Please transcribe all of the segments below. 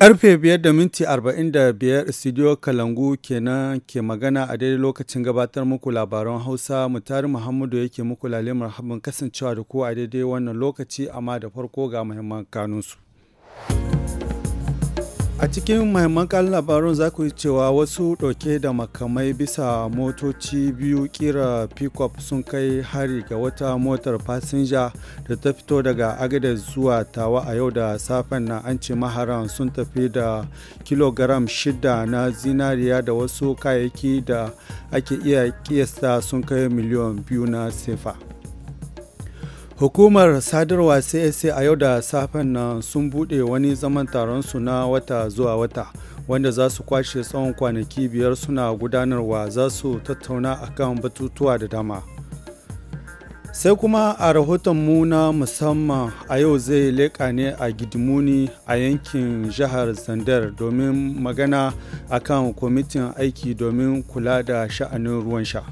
Karfe 5:45 minti arba'in da biyar Studio Kalangu kenan ke magana a daidai lokacin gabatar muku labaran Hausa mutari Muhammadu yake muku lalimar habin kasancewa da ku a daidai wannan lokaci amma da farko ga muhimman kanunsu. A cikin mahimman kan labarun za ku yi cewa wasu ɗauke da makamai bisa motoci biyu kira pickup sun kai hari ga wata motar fasinja da ta fito daga agadar zuwa tawa a yau da safen na an ce maharan sun tafi da kilogram shida na zinariya da wasu kayayyaki da ake iya kiyasta sun kai miliyan biyu na sefa. Hukumar sadarwa CSA a yau da safen nan sun buɗe wani zaman taron su na wata zuwa wata wanda za su kwashe tsawon kwanaki biyar suna gudanarwa za su tattauna kan batutuwa da dama. Sai kuma a rahoton mu na musamman a yau zai leƙa ne a Gidimuni a yankin jihar Zandar domin magana akan kwamitin aiki domin kula da sha'anin ruwan sha.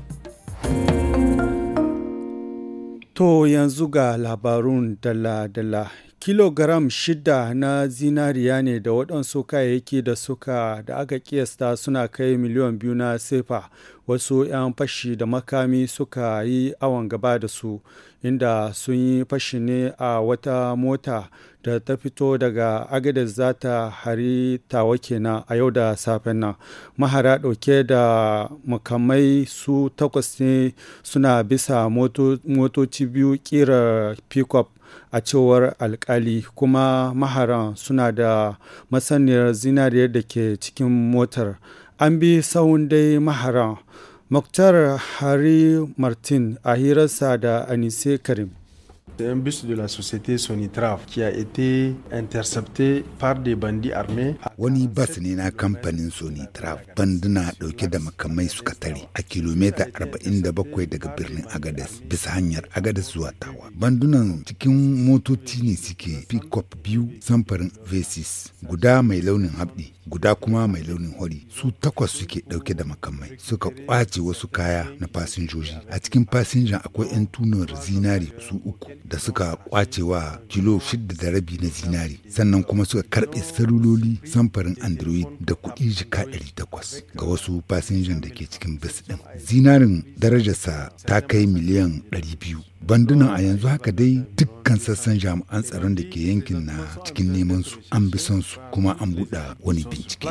To yanzu ga labarun dala-dala kilogram shida na zinariya ne da waɗansu kayayyaki da suka da aka kiyasta suna kai miliyan biyu na sefa wasu 'yan fashi da makami suka yi awon gaba da su inda sun yi fashi ne a wata mota da ta fito daga agada zata ta hari tawa kenan a yau da safen nan mahara ɗauke da makamai su takwas ne suna bisa motoci biyu ƙirar pickup a cewar alkali kuma maharan suna da masaniyar zinariyar da ke cikin motar an bi tsawon dai maharan muktar hari martin a hirarsa da anise karim C'est un bus de la société sonitraf. qui a été intercepté par des bandits armés. Wani bas ne na kamfanin Sonitraf banduna dauke da makamai suka tare a kilomita 47 daga birnin Agadez bisa hanyar Agadez zuwa Tawa. Bandunan cikin motoci ne suke pick-up biyu samfarin V6 guda mai launin habdi guda kuma mai launin hori su takwas suke dauke da makamai suka kwace wasu kaya na fasinjoji a cikin fasinjan akwai 'yan tunar zinari su uku da suka kwace wa kilo shida da rabi na zinari sannan kuma suka karbe saluloli samfarin android da kuɗi jika takwas ga wasu fasinjan da ke cikin bis ɗin zinarin darajarsa ta kai miliyan biyu bandunan a yanzu haka dai dukkan sassan jami'an tsaron da ke yankin na cikin neman su an bi son su kuma an buɗe wani bincike.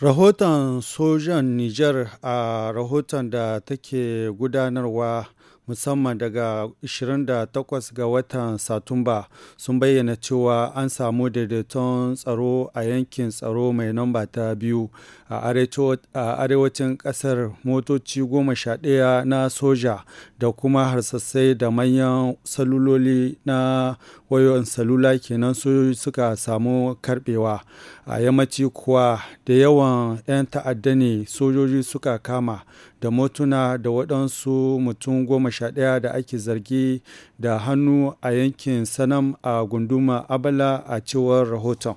rahoton sojan niger a rahoton da take gudanarwa musamman daga 28 ga watan satumba sun bayyana cewa an samu daidaiton tsaro a yankin tsaro mai namba ta biyu a arewacin kasar motoci goma sha ɗaya na soja da kuma harsassai da manyan saluloli na wayoyin salula kenan su suka samu karbewa a yammaci kuwa da yawan 'yan ta'adda ne sojoji suka kama da motuna da waɗansu mutum goma sha ɗaya da ake zargi da hannu a yankin sanam a gunduma abala a cewar rahoton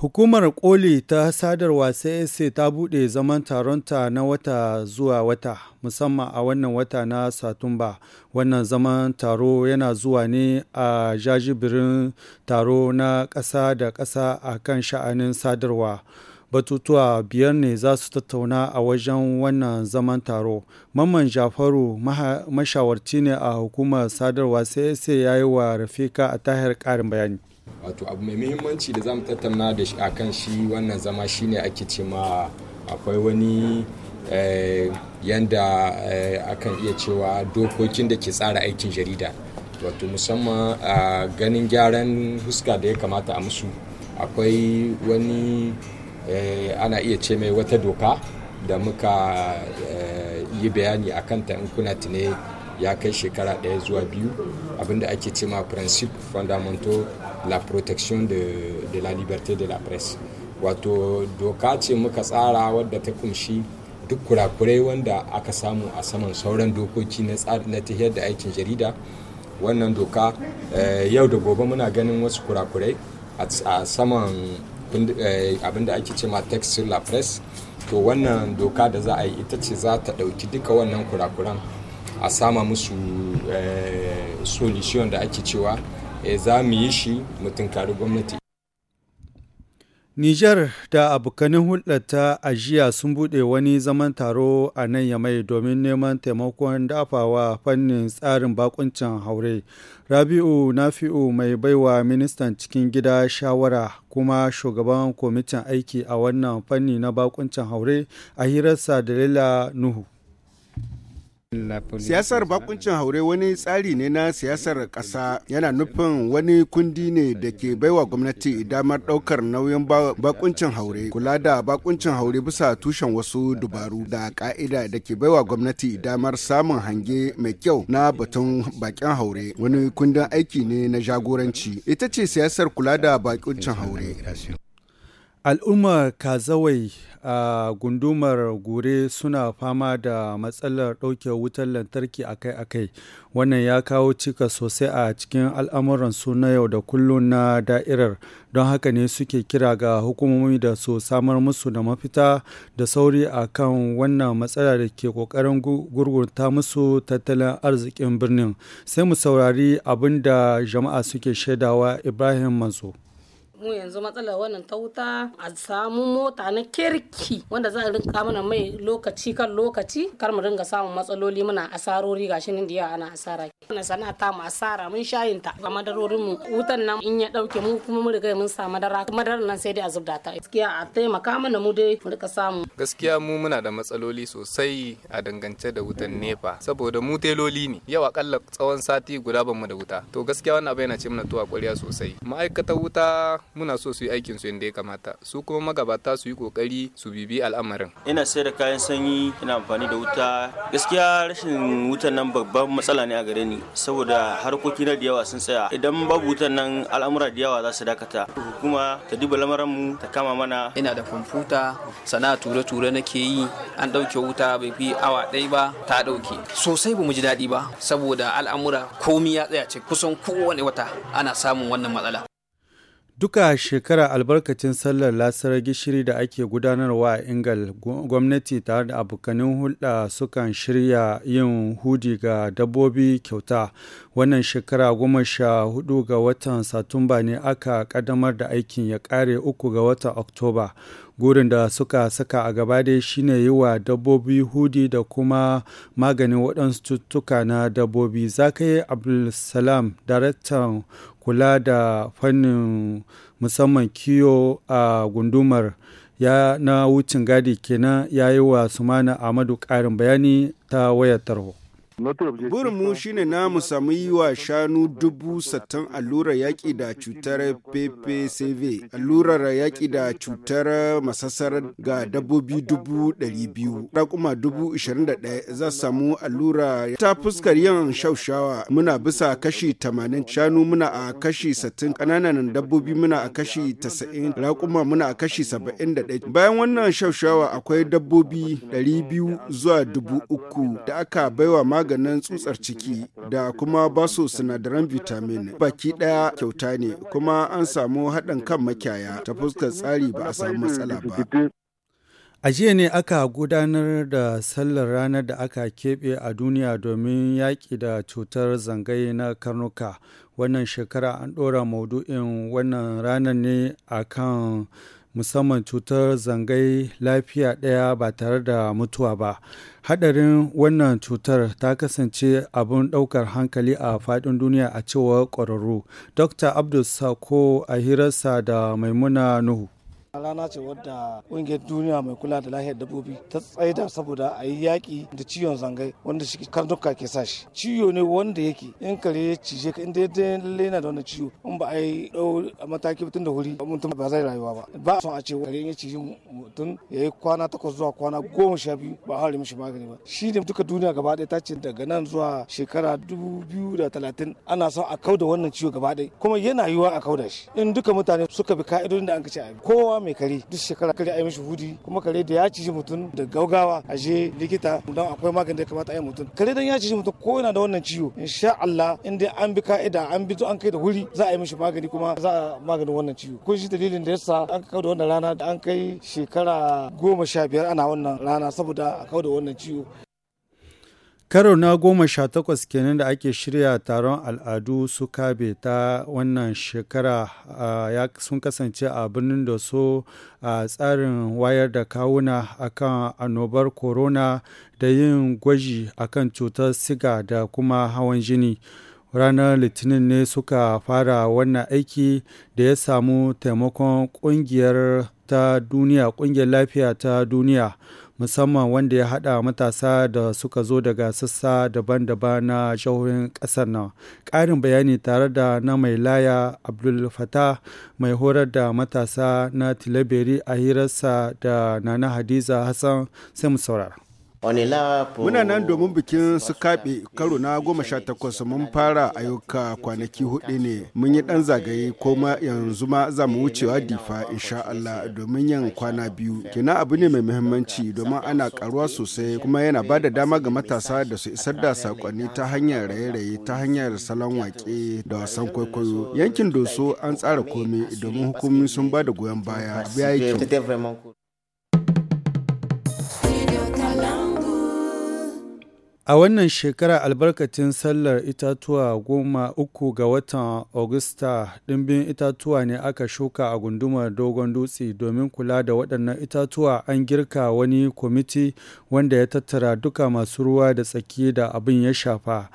Hukumar Koli ta sadarwa CSA ta buɗe zaman taronta na wata zuwa wata, musamman a wannan wata na Satumba. Wannan zaman taro yana zuwa ne a jajibirin taro na ƙasa da ƙasa a kan sha'anin sadarwa. Batutuwa biyar ne za su tattauna a wajen wannan zaman taro. Mamman Jafaru mashawarci ne a hukumar sadarwa CSA ya yi wa Rafika a tahir ƙarin bayani. wato abu mai muhimmanci da zamu tattauna da shi akan shi wannan zama shine ake ce ma akwai wani eh, yanda eh, akan iya cewa dokokin da ke tsara aikin jarida wato musamman a ganin gyaran huska da ya kamata a musu akwai wani eh, ana iya ce mai wata doka da muka yi bayani a ta in kuna tune ya kai shekara ɗaya zuwa biyu abinda ake ce ma principe fondamental la protection de, de la liberté de la presse wato doka ce muka tsara wadda ta kunshi duk kurakurai wanda aka samu a saman sauran dokoki na tahiyar da aikin jarida wannan doka eh, yau da gobe muna ganin wasu kurakurai a saman eh, abinda ake ce ma text la presse to wannan doka da za a yi ita ce za ta ɗauki duka wannan kurakuran a sama musu eh, solution da ake cewa eh, za mu yi shi mu tunkari gwamnati Nijar da abokanin hulɗarta ajiya sun buɗe wani zaman taro a nan yamai domin neman taimakon dafawa fannin tsarin bakuncin haure. Rabi'u Nafi'u mai baiwa ministan cikin gida shawara kuma shugaban kwamitin aiki a wannan fanni na bakuncin haure a hirarsa da Lila Nuhu. Siyasar bakuncin haure wani tsari ne na siyasar ƙasa yana nufin wani kundi ne da ke baiwa gwamnati damar ɗaukar nauyin bakuncin haure kula da bakuncin haure bisa tushen wasu dubaru da ƙa'ida da ke baiwa gwamnati damar samun hange mai kyau na batun bakin haure wani kundin aiki ne na jagoranci ita ce siyasar kula da bakuncin haure. al'ummar kazawai a gundumar gure suna fama da matsalar ɗauke wutar lantarki akai-akai wannan ya kawo cika sosai a cikin al'amuransu na yau da kullum na da'irar don haka ne suke kira ga hukumomi da su samar musu da mafita da sauri a kan wannan matsala da ke ƙoƙarin gurgurta musu tattalin arzikin birnin sai mu saurari abin da jama'a suke shaidawa ibrahim manzo. mu yanzu matsalar wannan ta wuta a samu mota na kirki wanda za a rinka mana mai lokaci kan lokaci kar mu ringa samun matsaloli muna asarori gashi nan da ana asara na sana ta mu sara mun shayin ta ga madarorin mu wutan nan in ya dauke mu kuma mu riga mun sa madara madarar nan sai dai a zubda ta gaskiya a taimaka mana mu dai mu rika samu gaskiya mu muna da matsaloli sosai a dangance da wutan nefa saboda mu teloli ne yau akalla tsawon sati guda mu da wuta to gaskiya wannan abin yana ce mana tuwa ƙwariya sosai ma'aikatan wuta muna so su yi aikin su yadda ya kamata su kuma magabata su yi kokari su bibi al'amarin ina sai da kayan sanyi ina amfani da wuta gaskiya rashin wutan nan babban matsala ne a gare ni saboda harkoki na da sun tsaya idan babu wutan nan al'amura da yawa za su dakata hukuma ta duba lamarin mu ta kama mana ina da kwamfuta sana'a ture-ture nake yi an ɗauke wuta bai fi awa ɗaya ba ta ɗauke sosai ba mu ji daɗi ba saboda al'amura komi ya tsaya ce kusan kowane wata ana samun wannan matsala Duka shekara albarkacin sallar lasar gishiri da ake gudanarwa a Ingal, gwamnati tare da abokanin hulɗa sukan shirya yin hudi ga dabbobi kyauta. Wannan shekara goma sha hudu ga watan Satumba ne aka ƙaddamar da aikin ya ƙare uku ga watan Oktoba. Gurin da suka saka a gaba dai shine yi wa dabbobi hudi da kuma maganin waɗansu cututtuka na dabbobi. Zakai Abdulsalam, daraktan kula da fannin musamman kiyo a gundumar ya na wucin gadi kenan ya yi wa sumana amadu ƙarin bayani ta wayar tarho. Burinmu shine na mu samu yi wa shanu dubu sattan allurar yaƙi da cutar PPCV, allurar yaƙi da cutar masasar ga dabbobi dubu ɗari biyu. Rakuma dubu ishirin da ɗaya za samu allura ta fuskar yin shaushawa muna bisa kashi tamanin shanu muna a kashi sattin ƙananan dabbobi muna a kashi tasa'in raƙuma muna a kashi saba'in da ɗaya. Bayan wannan shaushawa akwai dabbobi ɗari biyu zuwa dubu uku da aka baiwa magani maganin tsutsar ciki da kuma basu sinadaran vitamin baki ɗaya kyauta ne kuma an samu haɗin kan makyaya ta fuskar tsari ba a samu matsala ba. A jiya ne aka gudanar da sallar ranar da aka keɓe a duniya domin yaƙi da cutar zangaye na karnuka. Wannan shekara an ɗora maudu'in wannan ranar ne a kan musamman cutar zangai lafiya ɗaya ba tare da mutuwa ba hadarin wannan cutar ta kasance abin ɗaukar hankali a faɗin duniya a cewar ƙwararru dr abdul sako a hirarsa da maimuna nuhu Rana ce wadda kungiyar duniya mai kula da lahiyar dabbobi ta tsaida saboda a yi yaƙi da ciwon zangai wanda shi karnuka ke sa shi. Ciwo ne wanda yake in kare ya cije ka inda ya lena da wannan ciwo in ba a yi ɗau mataki mutum da wuri mutum ba zai rayuwa ba. Ba a son a ce kare ya cije mutum ya yi kwana takwas zuwa kwana goma sha biyu ba a hare mishi magani ba. Shi ne duka duniya gaba ɗaya ta ce daga nan zuwa shekara dubu biyu da talatin ana son a kauda wannan ciwo gaba ɗaya kuma yana yiwuwa a kauda shi. In duka mutane suka bi ka'idodin da an ce a kowa mai kare duk shekara kare a yi mishi hudi kuma kare da ya ciji mutum da gaugawa a je likita don akwai magani da kamata a yi mutum kare don ya ciji mutum ko yana da wannan ciwo insha Allah in dai an bi ka'ida an bi an kai da wuri za a yi mishi magani kuma za a maganin wannan ciwo kun shi dalilin da yasa an kawo da wannan rana da an kai shekara goma sha biyar ana wannan rana saboda a kawo da wannan ciwo Karo na goma sha takwas kenan da ake shirya taron al'adu su kabe ta wannan shekara sun kasance a birnin da so a tsarin wayar da kawuna akan annobar corona da yin gwaji akan cutar siga da kuma hawan jini. ranar litinin ne suka fara wannan aiki da ya samu taimakon kungiyar ta duniya kungiyar lafiya ta duniya musamman wanda ya hada matasa da suka zo daga sassa daban-daban na jihohin ƙasar nan ƙarin bayani tare da na mai laya abdul fatah mai horar da matasa na tilaberi a hirarsa da nana hadiza hassan sai mu saurara Muna nan domin bikin su kaɓe karo na goma sha takwas mun fara ayyuka kwanaki hudu ne mun yi ɗan zagaye ma yanzu ma za mu wucewa difa insha Allah domin yin kwana biyu. Kina abu ne mai muhimmanci domin ana karuwa sosai kuma yana ba da dama ga matasa da su isar da sakonni ta hanyar raye-raye ta hanyar salon wake da wasan kwaikwayo. Yankin doso an tsara komai domin hukumomi sun ba da goyon baya. A wannan shekara albarkacin sallar itatuwa goma uku ga watan Agusta ɗimbin itatuwa ne aka shuka a gundumar Dogon Dutse domin kula da waɗannan itatuwa an girka wani kwamiti wanda ya tattara duka masu ruwa da tsaki da abin ya shafa.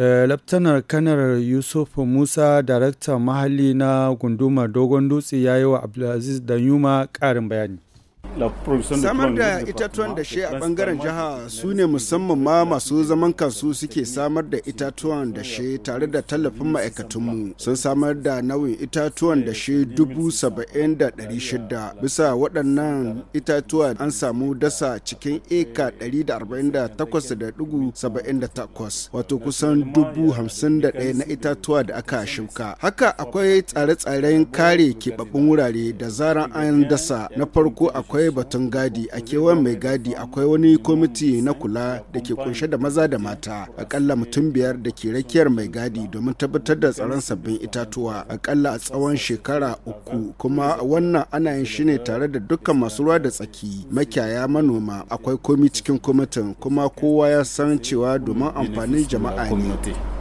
Eh, Laftanar Kanar Yusuf Musa, daraktan mahalli na gundumar Dogon Dutse ya yi wa Abdulaziz Danyuma ƙarin bayani. samar da itatuwan da shi a bangaren jiha su ne musamman ma masu zaman kansu suke samar da itatuwan da shi tare da tallafin ma'aikatunmu sun samar da nauyin itatuwan da shi dubu saba'in da ɗari shida bisa waɗannan itatuwa an samu dasa cikin eka ɗari da arba'in da takwas da dubu saba'in da takwas wato kusan dubu hamsin da ɗaya na itatuwa da aka shuka haka akwai tsare-tsaren kare keɓaɓɓun wurare da zaran an dasa na farko akwai akwai batun gadi a kewan mai gadi akwai wani kwamiti na kula da ke kunshe da maza da mata akalla mutum biyar da ke rakiyar mai gadi domin tabbatar da tsaron sabbin itatuwa akalla a tsawon shekara uku kuma wannan ana yin shi ne tare da dukkan masu ruwa da tsaki makiyaya manoma akwai komi cikin kwamitin kuma kowa ya san cewa domin amfanin jama'a ne.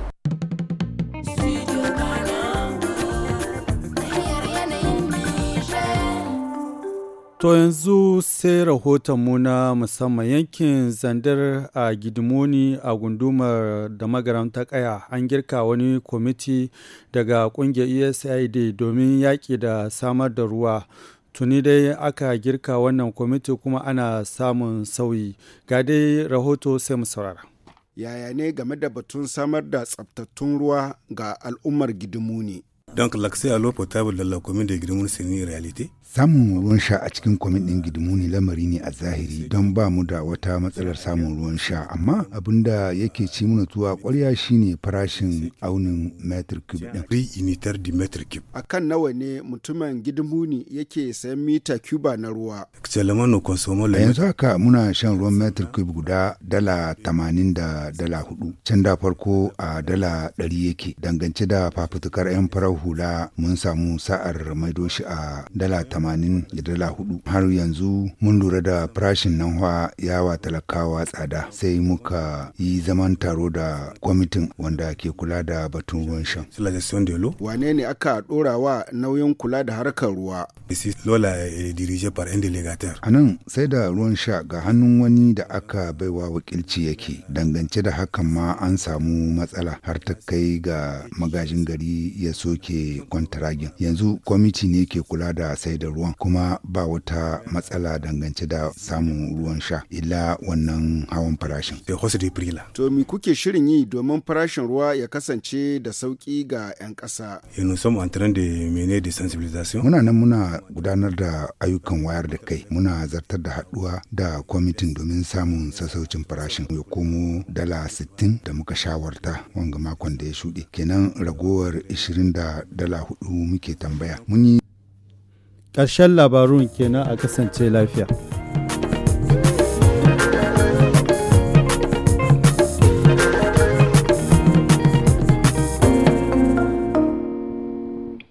To yanzu sai rahotonmu na musamman yankin zandar a Gidimoni a gundumar da ta kaya an girka wani kwamiti daga kungiyar esid domin yaƙi da samar da ruwa. Tuni dai aka girka wannan kwamiti kuma ana samun sauyi. Ga dai rahoto sai mu saurara. Yaya ne game da batun samar da tsabtattun ruwa ga al'ummar gidimuni. Donc l'accès à l'eau potable dans la commune de Girmoun c'est une réalité. Samun ruwan sha a cikin kwamin din Gidimuni lamari ne a zahiri don ba mu da wata matsalar samun ruwan sha amma abin da yake ci muna tuwa kwarya shine farashin aunin meter cube din ri unitar di meter cube. A nawa ne mutumin Gidimuni yake sayan mita cube na ruwa? Salamano consomo A yanzu haka muna shan ruwan meter cube guda dala tamanin da dala hudu. Can da farko a dala ɗari yake dangance da fafutukar 'yan farau hula mun samu sa'ar maido shi a dala tamanin da dala hudu har yanzu mun lura da farashin nan yawa talakawa tsada sai muka yi zaman taro da kwamitin wanda ke kula da batun ruwan shan wane ne aka dora wa nauyin kula da harkar ruwa lola a nan sai da ruwan sha ga hannun wani da aka baiwa wakilci yake dangance da hakan ma an samu matsala har ta kai ga magajin gari ya soke ke kwantaragin yanzu kwamiti ne ke kula da sai da ruwan kuma ba wata matsala dangance da samun ruwan sha illa wannan hawan farashin to mi kuke shirin yi domin farashin ruwa ya kasance da sauki ga 'yan ƙasa muna nan muna gudanar da ayyukan wayar da kai muna zartar da haɗuwa da kwamitin domin samun sassaucin farashin ya komo dala 60 da muka shawarta wanga makon da ya shuɗe kenan ragowar 20 da dala hudu muke tambaya. Muni. Ƙarshen labarun kenan a kasance lafiya.